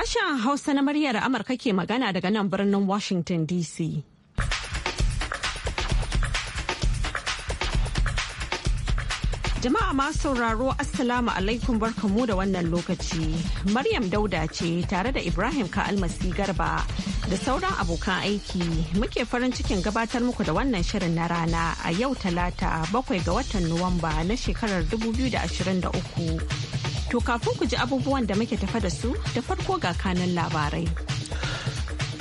Sashen Hausa na muryar Amurka ke magana daga nan birnin Washington DC. Jama'a masu sauraro Assalamu alaikum barkamu da wannan lokaci. Maryam Dauda ce tare da Ibrahim Ka'almasi Garba da sauran abokan aiki muke farin cikin gabatar muku da wannan shirin na rana a yau talata bakwai ga watan Nuwamba na shekarar 2023. To kafin ku ji abubuwan da muke tafa da su da farko ga kanan labarai.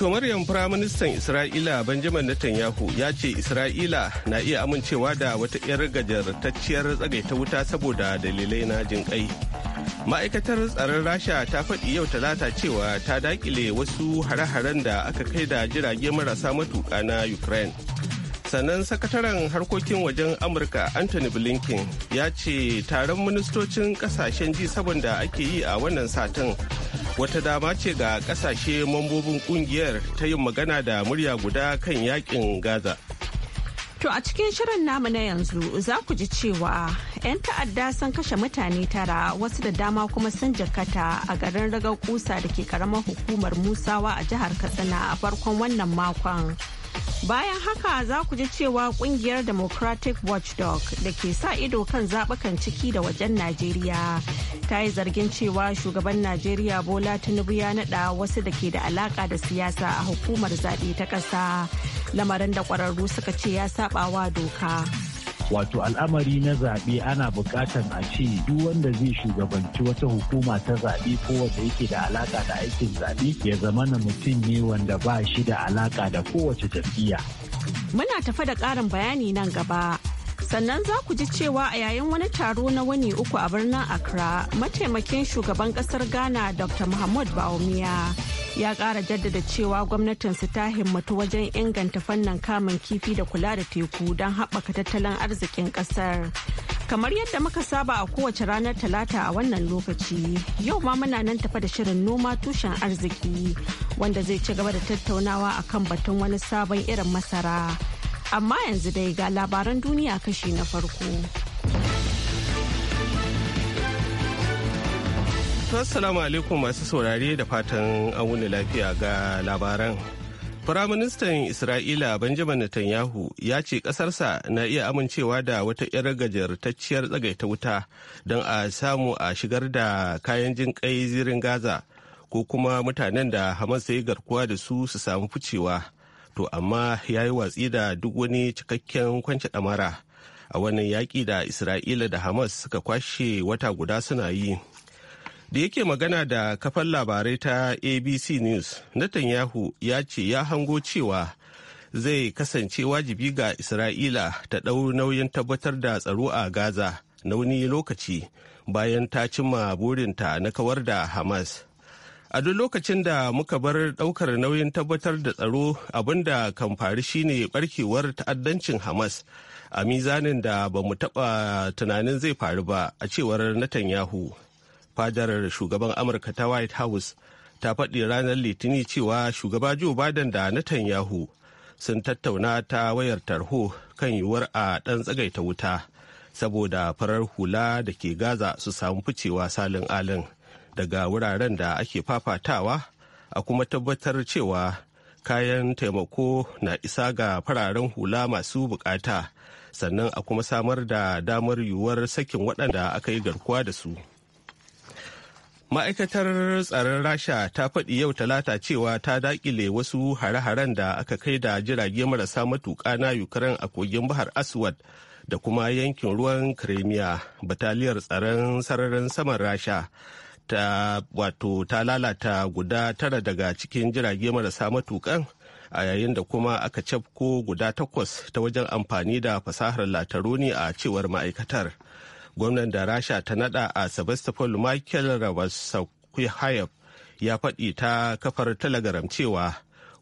To Maryam Firaministan Isra'ila Benjamin Netanyahu ya ce Isra'ila na iya amincewa da wata 'yar gajartacciyar tsagaita wuta saboda dalilai na jinƙai. Ma'aikatar tsaron Rasha ta faɗi yau talata cewa ta daƙile wasu hare-haren da aka kai da jirage marasa matuƙa na Ukraine. sannan sakataren harkokin wajen amurka anthony blinken ya ce taron ministocin kasashen ji saboda ake yi a wannan satin wata dama ce ga kasashe mambobin kungiyar ta yin magana da murya guda kan yakin gaza To a cikin shirin namu na yanzu za ku ji cewa 'yan ta'adda sun kashe mutane tara wasu da dama kuma sun jakata a garin ragar kusa da ke karamar hukumar Musawa a jihar Katsina a farkon wannan makon. Bayan haka za ku ji cewa kungiyar Democratic Watchdog da ke sa ido kan zaɓukan ciki da wajen Najeriya ta yi zargin cewa shugaban Najeriya Bola Tinubu ya naɗa wasu da ke da alaƙa da siyasa a hukumar zaɓe ta ƙasa lamarin da ƙwararru suka ce ya saɓawa doka. wato al'amari na zaɓe ana buƙatar a ce duk wanda zai shugabanci wata hukuma ta zaɓe ko wanda yake da alaƙa da aikin zaɓe ya zama na mutum ne wanda ba shi da alaƙa da kowace jam'iyya. Muna tafa da ƙarin bayani nan gaba. sannan za ku ji cewa a yayin wani taro na wani uku a birnin accra mataimakin shugaban kasar ghana dr muhammad baumia ya ƙara jaddada cewa gwamnatinsu ta himmatu wajen inganta fannin kamun kifi da kula da teku don haɓaka tattalin arzikin ƙasar kamar yadda muka saba a kowace ranar talata a wannan lokaci yau ma muna nan tafa da shirin noma tushen arziki wanda zai ci gaba da tattaunawa akan batun wani sabon irin masara amma yanzu dai ga labaran duniya kashi na farko. Assalamu alaikum masu saurare da fatan an wuni lafiya ga labaran. Firaministan Isra'ila Benjamin Netanyahu ya ce ƙasarsa na iya amincewa da wata 'yar gajartacciyar tsagaita wuta don a samu a shigar da kayan jin zirin Gaza ko kuma mutanen da Hamas ya yi garkuwa da su su samu ficewa. to amma ya yi watsi da duk wani cikakken kwance ɗamara a wannan yaƙi da isra'ila da hamas suka kwashe wata guda suna yi da yake magana da kafan labarai ta abc news netanyahu ya ce ya hango cewa zai kasance wajibi ga isra'ila ta ɗau nauyin tabbatar da tsaro a gaza na wani lokaci bayan ta cimma burinta na kawar da hamas a duk lokacin da muka bar daukar nauyin tabbatar da tsaro abinda kan faru shine barkewar ta'addancin hamas a mizanin da ba mu taɓa tunanin zai faru ba a cewar netanyahu fadar shugaban amurka ta white house ta faɗi ranar litinin cewa shugaba joe biden da netanyahu sun tattauna ta wayar tarho kan yiwuwar a ɗan tsagaita wuta saboda farar hula da ke gaza su samu ficewa salin alin daga wuraren da ake fafatawa a kuma tabbatar cewa kayan taimako na isa ga fararen hula masu bukata sannan a kuma samar da damar yiwuwar sakin waɗanda aka yi garkuwa da su ma'aikatar tsaron rasha ta faɗi yau talata cewa ta daƙile wasu hare-haren da aka kai da jirage marasa matuƙa na ukraine a kogin bahar aswad da kuma yankin ruwan kremiya bataliyar tsaron sararin saman rasha ta wato ta lalata guda tara daga cikin jirage marasa matukan a yayin da kuma aka cafko guda takwas ta wajen amfani da fasahar lataroni a cewar ma'aikatar gwamnan da rasha ta nada a sebastopol michael rabasakuhayab ya faɗi ta kafar telegram cewa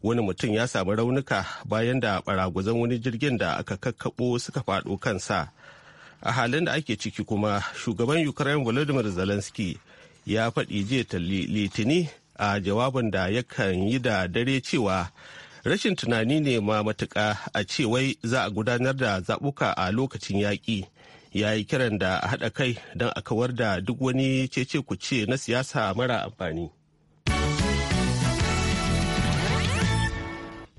wani mutum ya samu raunuka bayan da baragwazon wani jirgin da aka kakkaɓo suka faɗo kansa a halin da ake ciki kuma shugaban ukraine volodymyr zelensky ya faɗi jiya litini a jawabin da yakan yi da dare cewa rashin tunani ne ma matuka a cewai za a gudanar da zaɓuka a lokacin yaƙi ya yi kiran da a haɗa kai don a kawar da duk wani cece kuce na siyasa mara amfani.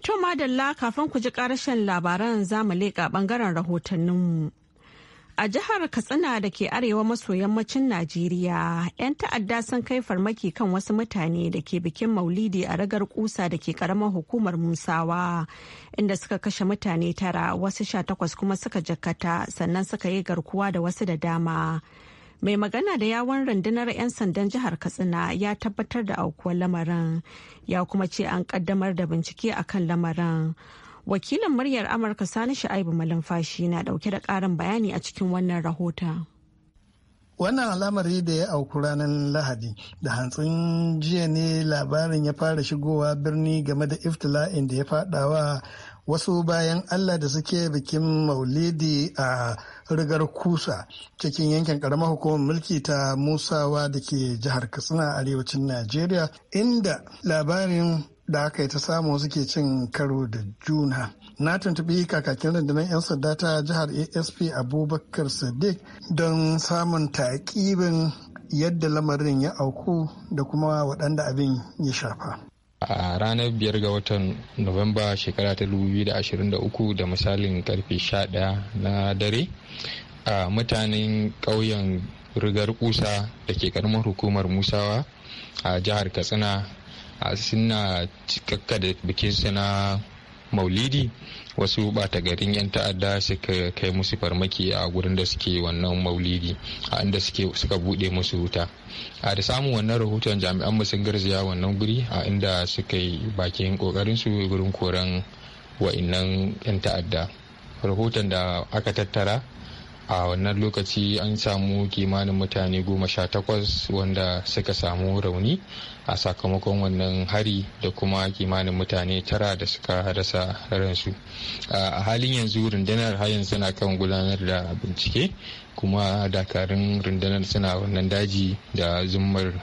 To madalla kafin ku ji ƙarashen labaran zamu leƙa ɓangaren rahotanninmu. A jihar Katsina da ke arewa maso yammacin Najeriya, 'yan ta'adda sun kai farmaki kan wasu mutane da ke bikin maulidi a ragar kusa da ke karamar hukumar Musawa, inda suka kashe mutane tara wasu sha takwas kuma suka jakata sannan suka yi garkuwa da wasu da dama. mai magana da yawon rundunar 'yan sandan jihar katsina ya tabbatar da aukuwar lamarin ya kuma ce an kaddamar da bincike akan lamarin Wakilin muryar Amurka Sani Sha'ibu Malumfashi na ɗauke da ƙarin bayani a cikin wannan rahoton. wannan al'amari da ya auku ranar lahadi da hantsin jiya ne labarin ya fara shigowa birni game da iftila'in da ya fadawa wasu bayan allah da suke bikin maulidi a rigar kusa cikin yankin karamar hukumar mulki ta musawa da ke jihar katsina arewacin najeriya inda labarin da aka yi ta samu suke cin karo da juna na tuntubi kakakin rundunar 'yan sanda ta jihar asp abubakar sadiq don samun taƙibin yadda lamarin ya auku da kuma waɗanda abin ya shafa a ranar biyar ga watan novemba shekara ta 2023 da misalin karfe 11 na dare a mutanen ƙauyen rigar kusa da ke karamar hukumar musawa a jihar katsina suna cikakka da bikinsu na maulidi wasu bata garin 'yan ta'adda suka kai musu farmaki a gurin da suke wannan maulidi a inda suka bude musu wuta a da samun wannan rahoton jami'an mu sun garzaya wannan guri a inda suka yi bakin kokarin su gurin koran wa'innan 'yan ta'adda rahoton da aka tattara a wannan lokaci an samu kimanin mutane goma sha takwas wanda suka samu rauni a sakamakon wannan hari da kuma kimanin mutane tara da suka rasa ransu a halin yanzu rundunar har yanzu na kan gudanar da bincike kuma dakarun rundunar suna wannan daji da zummar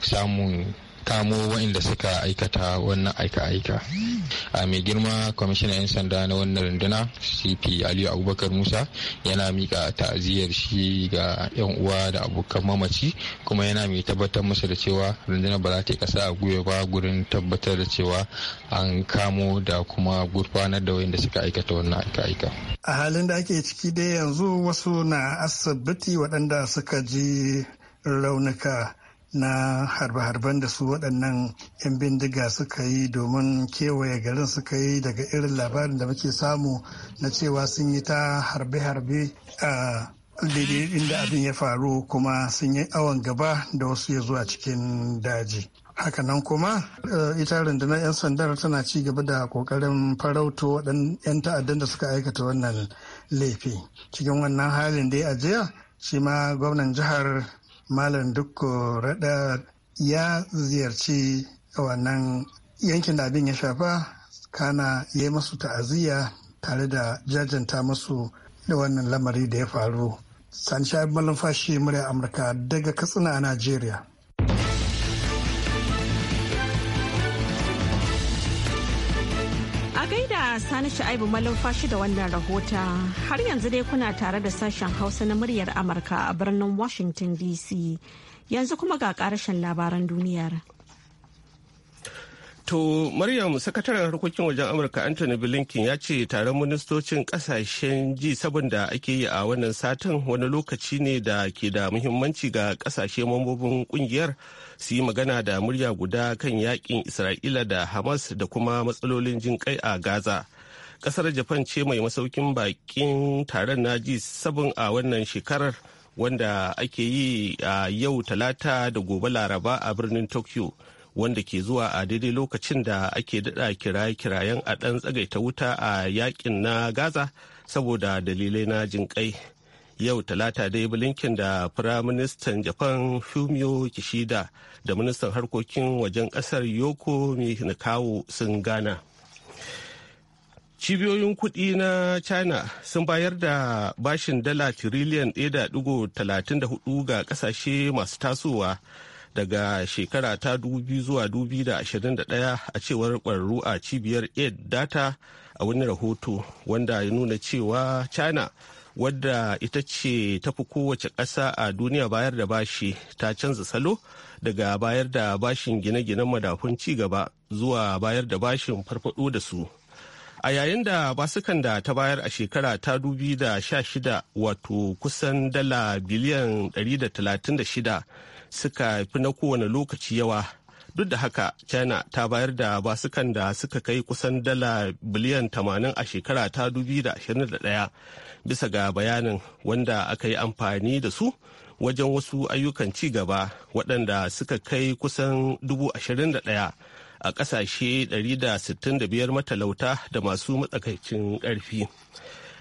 samun kamo waɗanda suka aikata wannan aika-aika a mai girma kwamishinan 'yan sanda na wannan runduna cp aliyu abubakar musa yana mika ta'aziyar shi ga 'yan uwa da abokan mamaci kuma yana mai tabbatar musu da cewa runduna ba za ta yi kasa a gwiwa ba gurin tabbatar da cewa an kamo da kuma gurfanar da waɗanda suka aikata wannan aika-aika a halin da ake ciki dai yanzu wasu na asibiti waɗanda suka ji raunuka na harbe-harben da su waɗannan 'yan bindiga suka yi domin kewaye garin suka yi daga irin labarin da muke samu na cewa sun yi ta harbe-harbe a daidai inda abin ya faru kuma sun yi awon gaba da wasu ya zuwa cikin daji hakanan kuma eh, ita rundunar 'yan sandar tana ci gaba da kokarin farauto 'yan ta'addan da suka aikata wannan laifi cikin wannan halin dai a jiya shi ma gwamnan jihar malam dukko rada ya ziyarci wannan yankin da abin ya shafa kana ya yi masu ta'aziyya tare da jajanta masu da wannan lamari da ya faru sani sha'ib malumfashi murya amurka daga katsina a najeriya sani sha'ibu malumfashi da wannan rahota har yanzu dai kuna tare da sashen hausa na muryar amurka a birnin washington dc yanzu kuma ga karashen labaran duniyar to maryam sakataren harkokin wajen amurka anthony blinken ya ce taron ministocin kasashen ji saboda ake yi a wannan satin wani lokaci ne da ke da muhimmanci ga kasashe mambobin kungiyar su yi magana da murya guda kan yakin isra'ila da hamas da kuma matsalolin jin kai a gaza kasar japan ce mai masaukin bakin taron naji sabon a wannan shekarar wanda ake yi a yau talata da gobe laraba a birnin tokyo wanda ke zuwa a daidai lokacin da ake daɗa kiraye-kirayen a ɗan tsagaita wuta a yakin na gaza saboda dalilai na jinƙai yau talata dai blinken da firaministan japan fumio kishida da ministan harkokin wajen kasar yoko kawo sun gana cibiyoyin kudi na china sun bayar da bashin dala tiriliyan 1.34 ga kasashe masu tasowa daga shekara ta 2000 zuwa 2021 a cewar kwararru a cibiyar aid data a wani rahoto wanda ya nuna cewa china wadda ita ce ta fi kowace ƙasa a duniya bayar da bashi ta canza salo daga bayar da bashin gine-ginen madafun gaba zuwa bayar da bashin farfado da su a yayin da basukan da ta bayar a shekara ta dubi da sha shida wato kusan dala biliyan 136 suka fi na kowane lokaci yawa duk da haka china ta bayar da basukan da suka kai kusan dala biliyan 80 a shekara ta 2021 bisa ga bayanin wanda aka yi amfani da su wajen wasu ayyukan ci gaba waɗanda suka kai kusan 21 a ƙasashe 165 matalauta da masu matsakaicin ƙarfi.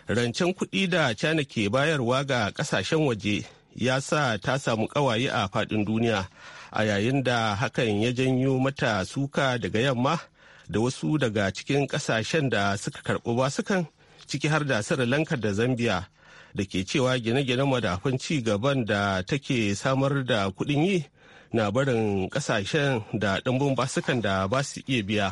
Rancen kuɗi da China ke bayarwa ga ƙasashen waje ya sa ta samu ƙawaye a faɗin duniya a yayin da hakan ya janyo mata suka daga yamma da wasu daga cikin kasashen da suka karɓi basukan ciki har da sri lanka da zambia da ke cewa gine-gine madafin ci gaban da take samar da kuɗin yi na barin kasashen da ɗumbin basukan da ba su iya biya.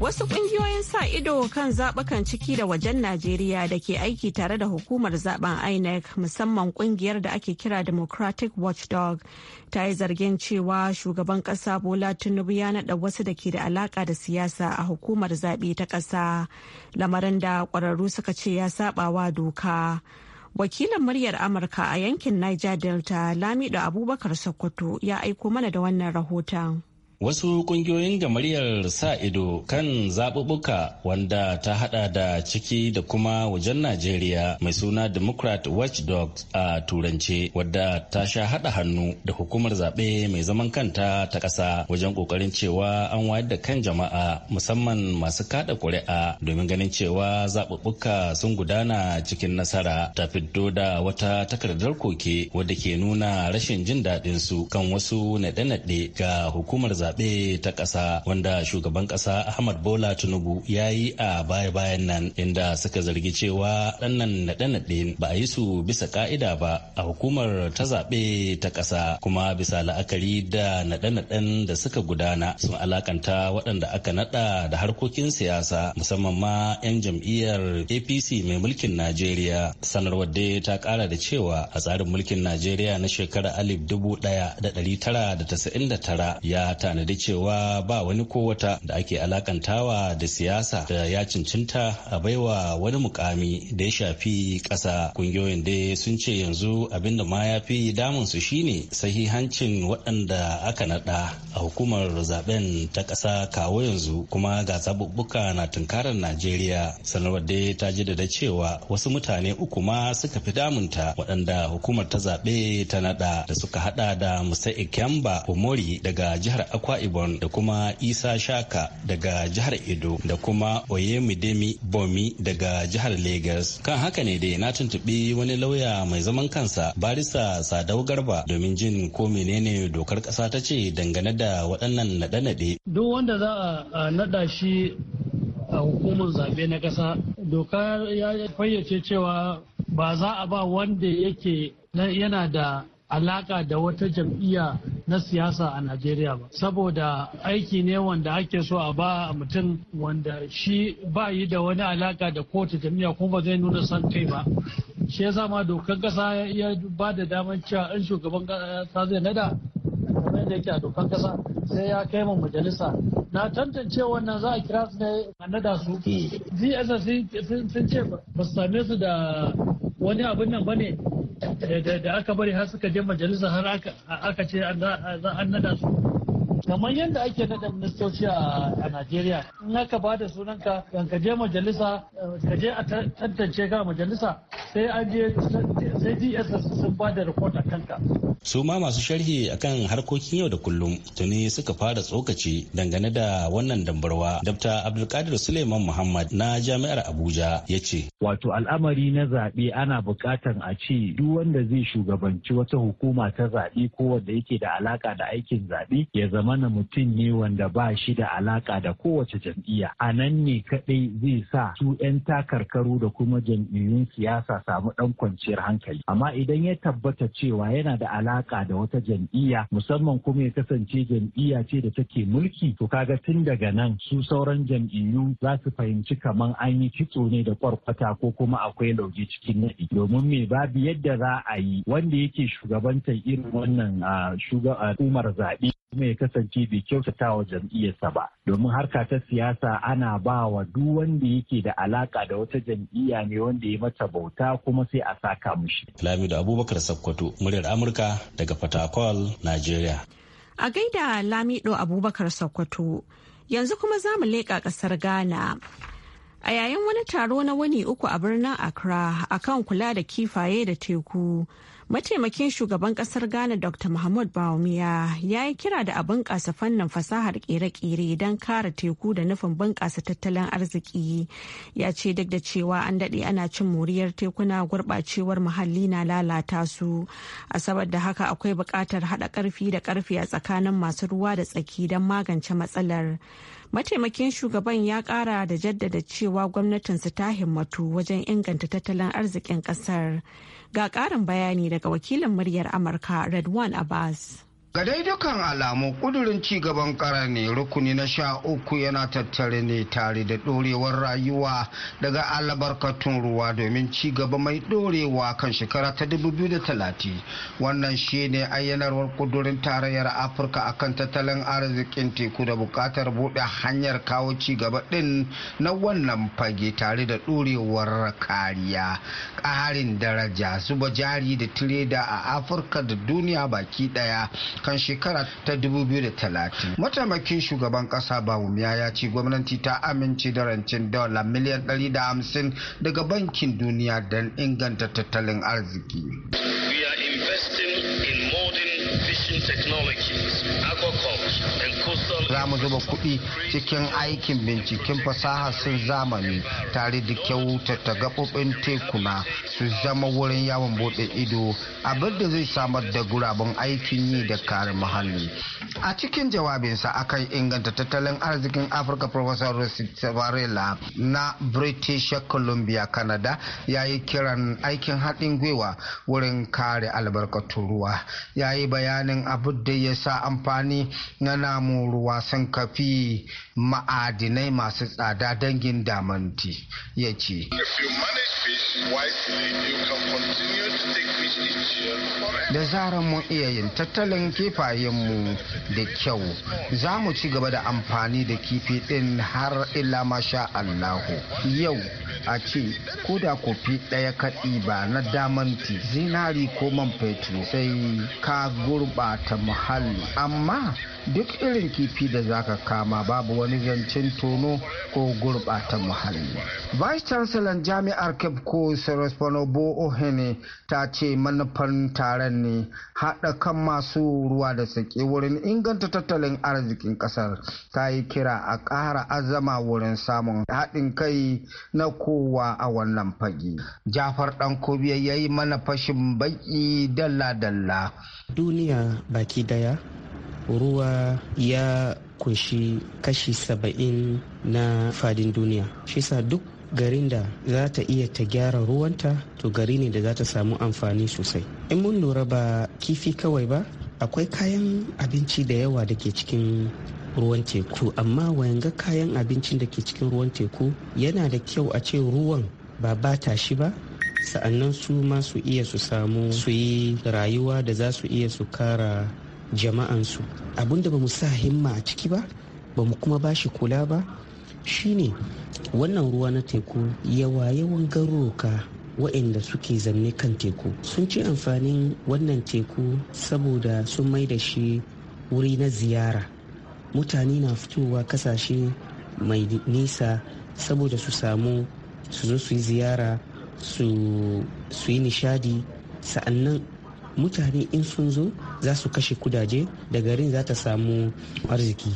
Wasu ƙungiyoyin sa ido kan zaɓukan ciki da wajen Najeriya da ke aiki tare da hukumar zaben INEC musamman ƙungiyar da ake kira Democratic Watchdog ta yi zargin cewa shugaban ƙasa Bola Tinubu ya naɗa wasu da ke da alaƙa da siyasa a hukumar zaɓe ta ƙasa lamarin da ƙwararru suka ce ya saɓawa doka. Wakilin muryar Amurka a yankin Niger Delta Lamido Abubakar Sokoto ya aiko mana da wannan rahoton. wasu kungiyoyin gamaryar sa ido kan zaɓuɓɓuka wanda ta hada da ciki da kuma wajen najeriya mai suna democrat watchdog a turance wadda ta sha hada hannu da hukumar zaɓe mai zaman kanta ta ƙasa wajen ƙoƙarin cewa an wayar da kan jama'a musamman masu kaɗa ƙuri'a domin ganin cewa zaɓuɓɓuka sun gudana cikin nasara ta fito da wata takardar koke wadda ke nuna rashin jin daɗinsu kan wasu naɗe-naɗe ga hukumar zaɓe zaɓe ta ƙasa wanda shugaban ƙasa Ahmad Bola Tinubu ya yi a baya-bayan nan inda suka zargi cewa ɗannan naɗe-naɗe ba a yi su bisa ƙa'ida ba a hukumar ta zaɓe ta ƙasa kuma bisa la'akari da naɗe-naɗen da suka gudana sun alakanta waɗanda aka naɗa da harkokin siyasa musamman ma 'yan jam'iyyar APC mai mulkin Najeriya sanarwar dai ta ƙara da cewa a tsarin mulkin Najeriya na shekarar 1999 ya tanadi tanadi cewa ba wani kowata da ake alakantawa da siyasa da ya cincinta a baiwa wani mukami da ya shafi ƙasa kungiyoyin dai sun ce yanzu abin da ma ya fi damunsu shine sahihancin waɗanda aka naɗa a hukumar zaben ta ƙasa kawo yanzu kuma ga zaɓuɓɓuka na tunkarar najeriya sanarwar dai ta ji da cewa wasu mutane uku ma suka fi damunta waɗanda hukumar ta zaɓe ta naɗa da suka haɗa da musa kyamba omori daga jihar akwa Kwakwa Ibon da kuma isa shaka daga jihar edo da kuma oyemidemi bomi daga jihar lagos kan haka ne dai na tuntuɓi wani lauya mai zaman kansa barista sadau garba domin jin ko menene dokar ƙasa ta ce dangane da waɗannan naɗe-naɗe duk wanda za a naɗa shi a hukumar zaɓe na ƙasa doka ya fayyace cewa ba za a ba wanda yake yana da alaka da wata jam'iyya na siyasa a Najeriya ba. Saboda aiki ne wanda ake so a ba a mutum wanda shi ba yi da wani alaka da kowace jam'iyya kuma zai nuna son kai ba. Shi ya ma dokar kasa ya ba da damar cewa an shugaban kasa zai nada kamar da yake a dokar kasa sai ya kai mu majalisa na tantance wannan za a kira su ne a nada su dss hmm. sun ce ba su same su da wani abin nan ba ne da aka bari har suka je majalisa har aka ce za a nada su kamar yadda ake naɗa ministoci a Najeriya in aka ba da sunanka kan ka je majalisa ka je a tantance ka majalisa sai an je sai DSS sun ba da report a kanka su ma masu sharhi akan harkokin yau da kullum tuni suka fara tsokaci dangane da wannan dambarwa Dr. Abdulkadir Suleiman Muhammad na Jami'ar Abuja ya ce wato al'amari na zaɓe ana buƙatar a ce duk wanda zai shugabanci wata hukuma ta zaɓe ko wanda yake da alaka da aikin zaɓe ya zama Wani mutum ne wanda ba shi da alaka da kowace jam'iyya a nan ne kadai zai sa su 'yan takarkaru da kuma jam'iyyun siyasa samu ɗan kwanciyar hankali amma idan ya tabbata cewa yana da alaka da wata jam'iyya musamman kuma ya kasance jam'iyya ce da take mulki to kaga tun daga nan su sauran jam'iyyu za su fahimci kamar an yi kitso ne da kwarkwata ko kuma akwai lauje cikin naɗi domin me babu yadda za a yi wanda yake shugabantar irin wannan ah, ah, umar zaɓe kuma ya kasance bai kyautata wa jam'iyyarsa ba domin harka ta siyasa ana ba wa duk wanda yake da alaka da wata jam'iyya ne wanda ya mata bauta kuma sai a saka mushi. Lamido Abubakar Sakkwato muryar Amurka daga Fatakwal, Najeriya. A gaida Lamido Abubakar Sakkwato yanzu kuma za mu leƙa ƙasar Ghana. A yayin wani taro na wani uku a birnin Accra akan kula da kifaye da teku. Mataimakin shugaban kasar Ghana Dr. Mahmud Bawumia ya yi kira da a bunƙasa fannin fasahar ƙere-ƙere don kare teku da nufin bunƙasa tattalin arziki. Ya ce duk da cewa an daɗe ana cin moriyar tekuna gurɓacewar muhalli na lalata su. A da haka akwai buƙatar haɗa ƙarfi da ƙarfi a tsakanin masu ruwa da tsaki don magance matsalar. mataimakin shugaban ya ƙara da jaddada cewa gwamnatinsu ta himmatu wajen inganta tattalin arzikin ƙasar. Ga ƙarin bayani daga wakilin muryar Amurka Redwan Abbas. Ga dai dukan alamu kudurin ci gaban ne rukuni na sha uku yana tattare ne tare da dorewar rayuwa daga albarkatun ruwa domin ci gaba mai dorewa kan shekara ta 2030. Wannan shi ne ayyanarwar kudurin tarayyar Afirka akan tattalin arzikin teku da bukatar buɗe hanyar kawo ci gaba ɗin na wannan fage tare da dorewar kariya, ƙarin daraja, zuba jari da tireda a Afirka da duniya baki ɗaya. kan shekara ta 2030 mataimakin shugaban kasa bahumiya ya ce gwamnati ta amince da rancen dala miliyan 150 daga bankin duniya don inganta tattalin arziki we are investing in more in technologies, Za mu zuba kuɗi cikin aikin binciken fasaha sun zamani tare da kyautata gaɓoɓin tekuna su zama wurin yawon buɗe ido abinda zai samar da guraben aikin yi da kare muhalli. A cikin jawabinsa akan inganta tattalin arzikin Afirka Professor Rosit Varela na British Columbia, Canada ya yi kiran aikin haɗin gwiwa wurin kare albarkatun ruwa. Ya yi bayanin abin da ya sa amfani na namu ruwa sun kafi ma'adinai masu tsada dangin damanti ya ce da zarar mun iya yin tattalin kifayenmu da kyau za mu ci gaba da amfani da kifi ɗin har ila masha allahu yau a ce ko da kofi ɗaya kaɗi ba na damanti zinari ko man fetur sai ka gurɓata muhalli amma duk irin kifi da zaka kama babu wani zancen tono ko gurɓata muhalli. Vice Chancellor Jami'ar Cape coast Sarasvano Ohene ta ce manufan taron ne haɗa kan masu ruwa da sake wurin inganta tattalin arzikin ƙasar ta yi kira a ƙara azama wurin samun haɗin kai na kowa a wannan fage. Jafar Ɗankobiya ya yi mana fashin baƙi dalla-dalla. Duniya baki daya ruwa ya kunshi kashi saba'in na fadin duniya shi sa duk garin da za ta iya ta gyara ruwanta to gari ne da za ta samu amfani sosai in mun lura ba kifi kawai ba akwai kayan abinci da yawa da ke cikin ruwan teku amma wayanga kayan abincin da ke cikin ruwan teku yana da kyau a ce ruwan ba bata shi ba sa'annan su ma su iya su samu su yi rayuwa da za su iya su kara jama'ansu abinda ba mu sa himma a ciki ba ba mu kuma bashi kula ba shine wannan ruwa na teku yawa yawan garuruka waɗanda suke zanne kan teku sun ci amfanin wannan teku saboda sun mai da shi wuri na ziyara mutane na fitowa kasashe mai nisa saboda su samu su zo su yi ziyara su yi nishadi sa'annan mutane in sun zo za su kashe kudaje da garin za ta samu arziki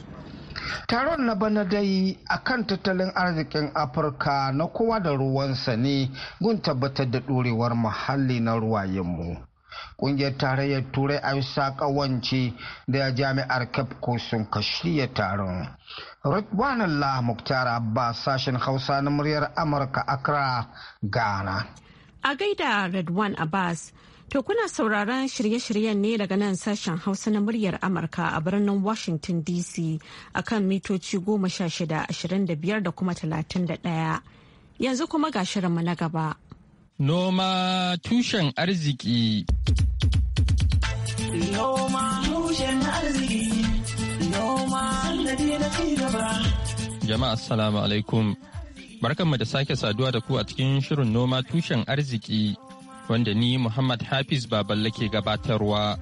taron na bana dai akan tattalin arzikin afirka na kowa da ruwansa ne gun tabbatar da ɗorewar muhalli na ruwayenmu ƙungiyar tarayyar turai a bisa ƙawance da jami'ar kafko sun kashiya taron rikwanallah muktar abbas sashen hausa na muryar amurka accra ghana a gaida redwan abbas To kuna sauraron shirye-shiryen ne daga nan sashen Hausa na muryar Amurka a birnin Washington DC kan mitoci goma sha shida ashirin da biyar da kuma talatin da ɗaya. Yanzu kuma ga shirinmu na gaba. Noma tushen arziki. Noma tushen arziki. Noma na gaba. Jama'a assalamu alaikum. Barkanmu da sake saduwa da ku a cikin shirin noma tushen arziki. wanda ni Muhammad Hafiz Baballe ke gabatarwa.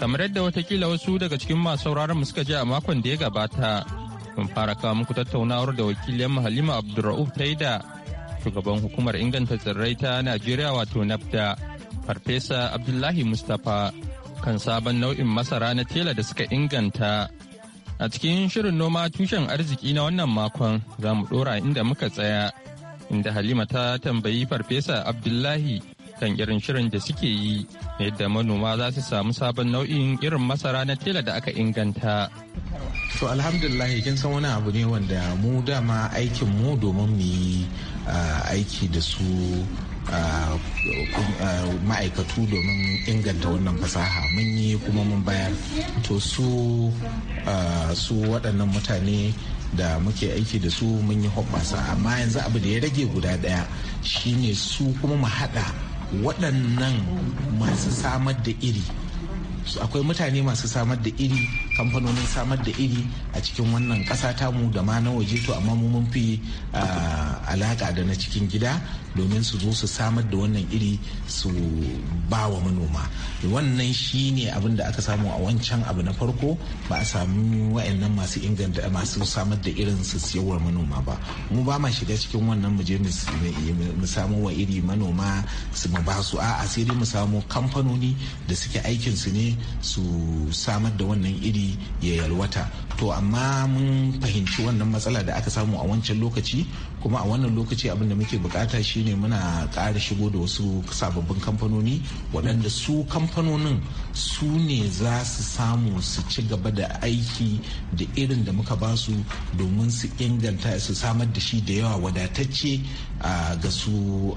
Kamar yadda watakila wasu daga cikin masu sauraron suka ji a makon da ya gabata, mun fara kawo muku tattaunawar da wakilin Halima Abdulra'uf ta da shugaban hukumar inganta tsirrai ta Najeriya wato NAFTA, Farfesa Abdullahi Mustapha kan sabon nau'in masara na tela da suka inganta. A cikin shirin noma tushen arziki na wannan makon za mu ɗora inda muka tsaya, inda Halima ta tambayi Farfesa Abdullahi kan irin shirin da suke yi na yadda manoma za su samu sabon nau'in irin masara na tela da aka inganta. To alhamdulillah kin san wani abu ne wanda mu dama aikin mu domin mu yi ah, aiki da su ma'aikatu domin inganta wannan fasaha mun yi kuma mun bayar to su su waɗannan mutane da muke aiki da su mun yi hoɓasa amma yanzu abu da ya rage guda ɗaya shine su kuma mu haɗa waɗannan masu samar da iri akwai mutane masu samar da iri kamfanonin samar da iri a cikin wannan ƙasa mu da ma na waje to amma mu mun fi ah, alaƙa da na cikin gida domin su zo su samar da wannan iri su ba wa manoma wannan shi ne abin da aka samu a wancan abu na farko ba a sami wa'annan masu inganta masu samar da irin su siyarwar manoma ba mu ba ma shiga cikin wannan mu je mu samu wa iri manoma su mu ba su a'a sai dai mu samu kamfanoni da suke aikin su ne su samar da wannan iri ya yalwata to amma mun fahimci wannan matsala da aka samu a wancan lokaci kuma a wannan lokaci abin da muke bukata shine muna ƙara shigo da wasu sababbin kamfanoni waɗanda su kamfanonin su ne za su samu su ci gaba da aiki da irin da muka basu domin su inganta su samar da shi da yawa wadatacce ga su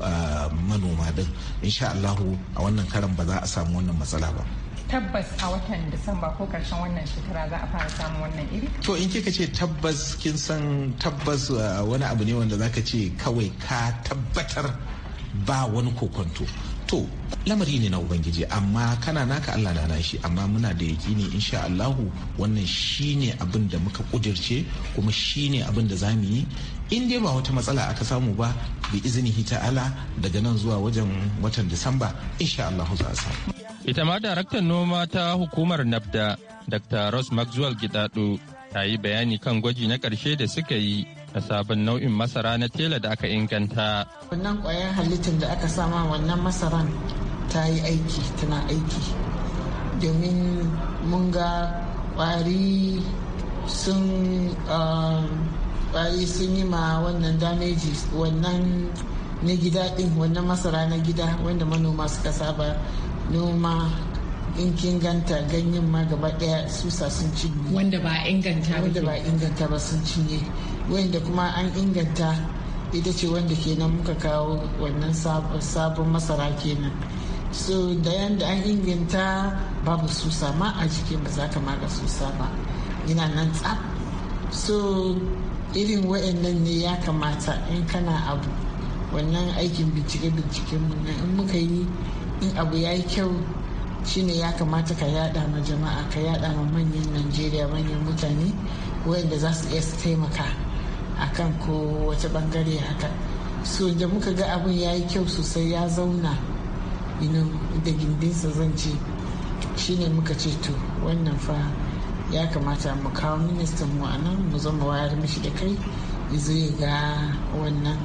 manoma din insha Allahu a wannan karan ba za a samu wannan matsala ba. tabbas a watan Disamba ko karshen wannan shekara za a fara samun wannan iri? To in kika ce tabbas kin san tabbas uh, wani abu ne wanda zaka ce kawai ka tabbatar ba wani kokonto. To lamari ne na Ubangiji amma kana naka Allah na shi amma muna da yakini insha Allahu wannan shine abin da muka kudirce kuma shine abin da zamu yi in dai ba wata matsala aka samu ba bi izini hita ta'ala daga nan zuwa wajen watan Disamba insha Allahu za a samu. Ita ma daraktan noma ta hukumar NAFDA, Dr. Ross Maxwell Gidado, ta yi bayani kan gwaji na ƙarshe da suka yi na sabon nau'in masara na tela da aka inganta. Wannan ƙwayar halittar da aka sama wannan masaran ta yi aiki, tana aiki. Domin mun ga ƙwari sun ƙwari sun yi ma wannan damage wannan na gida ɗin wannan masara na gida wanda manoma suka saba noma in kin ganta ganyen ma gaba daya susa sun cinye wanda ba inganta wanda ba inganta ba sun cinye wanda kuma an inganta ita ce wanda kenan muka kawo wannan sabon masara kenan so da yanda an inganta babu susa ma a jikin ba za ka maga susa ba yana nan tsab so irin wa'annan ne ya kamata in kana abu wannan aikin bincike binciken mu in muka yi in abu ya yi kyau shine ya kamata ka yada ma jama'a ka yada ma manyan najeriya manyan mutane wayanda za su iya su taimaka kan ko wata bangare haka so da muka ga abin ya yi kyau sosai ya zauna da gindinsa zan ce shine muka ce to wannan fa ya kamata mu kawo ministan mu a nan mu zama wayar mishi da kai ya zo ya ga wannan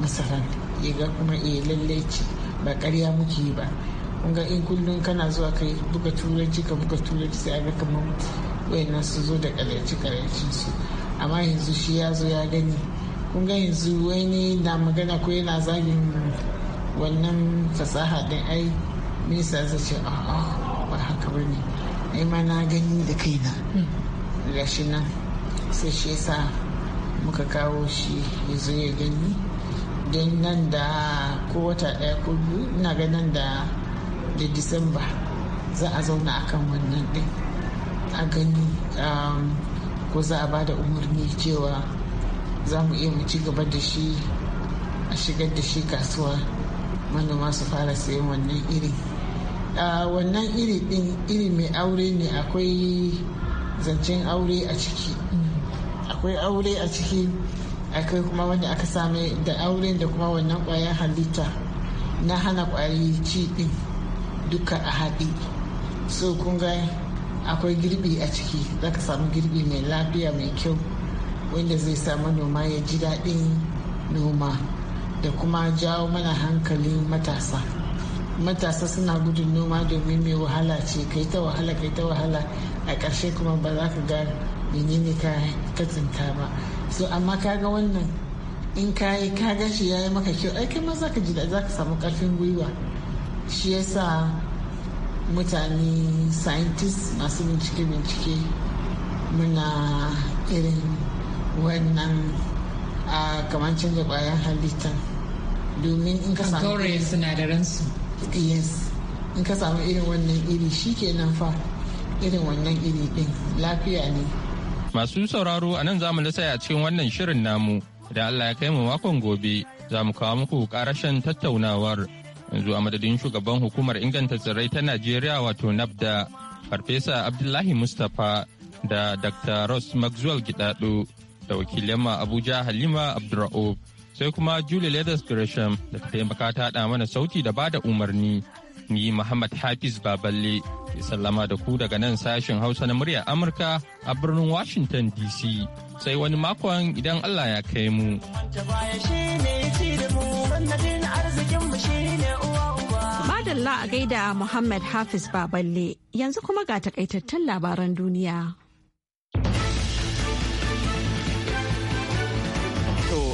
masarar ya ga kuma iya eh lallai ce ba karya muke yi ba ga in kullum kana zuwa kai. buga turanci ka buga turanci sai a ga kamar wayannan su zo da karyaci karyacin su amma yanzu shi ya zo ya gani kun ga yanzu wani na magana ko yana zagin wannan fasaha din ai nisa za ce a'a ba haka ba ne ai ma na gani da kaina gashi nan sai shi sa muka kawo shi ya ya gani din nan da ko wata ɗaya ko biyu ina ga da da disamba za a zauna akan wannan din a gani um, ko za a bada umarni cewa za mu iya mu ci gaba da shi a shigar da shi kasuwa manoma su fara sayan wannan iri wannan iri din iri mai aure ne akwai zancen aure a ciki akwai aure a ciki akwai kuma wanda aka same da auren da kuma wannan kwayar halitta na hana kwayoyi ci din duka a haɗi so kun ga akwai girbi a ciki za ka samu girbi mai lafiya mai kyau wanda zai samu noma ya ji daɗin noma da kuma jawo mana hankalin matasa matasa suna gudun noma domin mai wahala ce kai ta wahala kai ta wahala a ƙarshe kuma ba za ka ga menene ka tsinta ba so amma kaga wannan in kayi ka gashi yi maka kyau ai kai ma ka ji da za ka samu karfin gwiwa shi yasa mutane scientists masu bincike bincike muna irin wannan a kamar da kwayan halittar domin in ka samu su. yes in ka samu irin wannan iri shi kenan fa irin wannan iri din lafiya ne Masu sauraro a nan zamu lasa a cikin wannan shirin namu da Allah ya kai mu makon gobe za mu kawo muku karashen tattaunawar yanzu a madadin shugaban hukumar inganta tsirrai ta Najeriya wato Nabda Farfesa Abdullahi Mustapha da Dr. Ross Maxwell Gidado da wakilin ma Abuja Halima Abdurra'ub sai kuma Julie Leathers Gresham da ta taimaka ta mana sauti da bada umarni. yi Muhammad Hafiz Baballe ke sallama da ku daga nan sashen Hausa na murya Amurka a birnin Washington DC. Sai wani makon idan Allah ya kai mu. Madalla a gaida Muhammad Hafiz Baballe yanzu kuma ga takaitattun labaran duniya.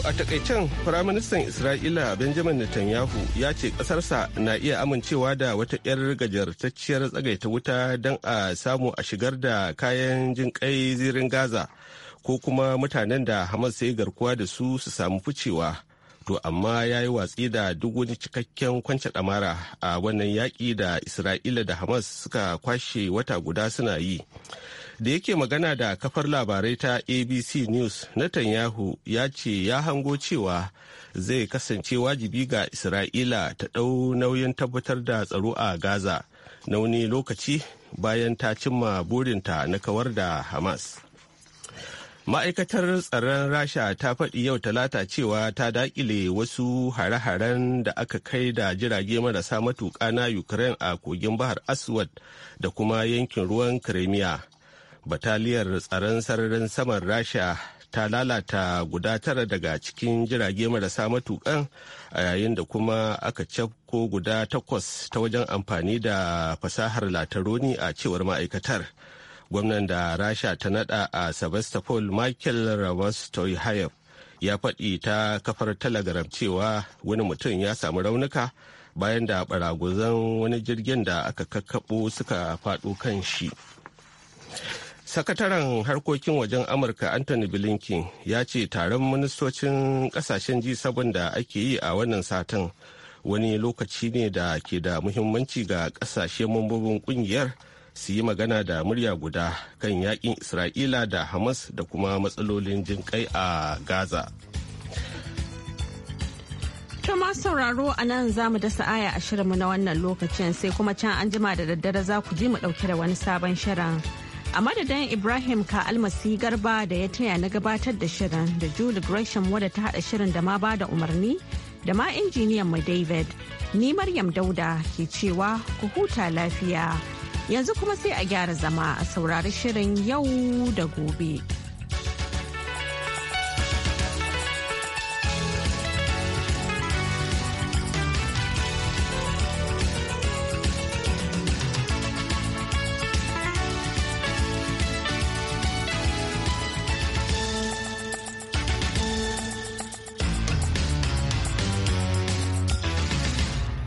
a takaicen firaministan Isra'ila Benjamin Netanyahu ya ce ƙasarsa na iya amincewa da wata 'yar gajartacciyar tsagaita wuta don a samu a shigar da kayan jin kai zirin Gaza ko kuma mutanen da Hamas sai garkuwa da su su samu ficewa. To amma ya yi watsi da duk wani cikakken kwance damara a wannan yaƙi da Isra'ila da Hamas suka kwashe wata guda suna yi. da yake magana da kafar labarai ta abc news netanyahu ya ce ya hango cewa zai kasance wajibi ga isra'ila ta ɗau nauyin tabbatar da tsaro a gaza na wani lokaci bayan ta cimma burinta na kawar da hamas ma'aikatar tsaron rasha ta faɗi yau talata cewa ta daƙile wasu hare-haren da aka kai da jirage marasa matuƙa na ukraine a kogin bahar aswad da kuma yankin ruwan crimea bataliyar tsaron sararin saman rasha ta lalata guda tara daga cikin jirage marasa matukan a yayin da kuma aka cafko guda takwas ta wajen amfani da fasahar lataroni a cewar ma'aikatar gwamnan da rasha ta nada a sebastopol michael ravostoyhayev ya faɗi ta kafar telegram cewa wani mutum ya samu raunuka bayan da baraguzan wani jirgin da aka kakkaɓo suka faɗo kan shi sakataren harkokin wajen amurka anthony blinken ya ce taron ministocin kasashen ji sabon da ake yi a wannan satin wani lokaci ne da ke da muhimmanci ga kasashe mambobin kungiyar su yi magana da murya guda kan yakin isra'ila da hamas da kuma matsalolin jinƙai a gaza tama sauraro a nan za mu dasa aya a shirinmu na wannan lokacin sai kuma can an jima da daddare za ku ji mu ɗauke da wani sabon shirin. a madadin ibrahim Ka'almasi garba da ya taya na gabatar da shirin da julie gresham wadda ta haɗa shirin da ma ba da umarni da ma injiniyan mu david ni maryam dauda ke cewa ku huta lafiya yanzu kuma sai a gyara zama a saurari shirin yau da gobe.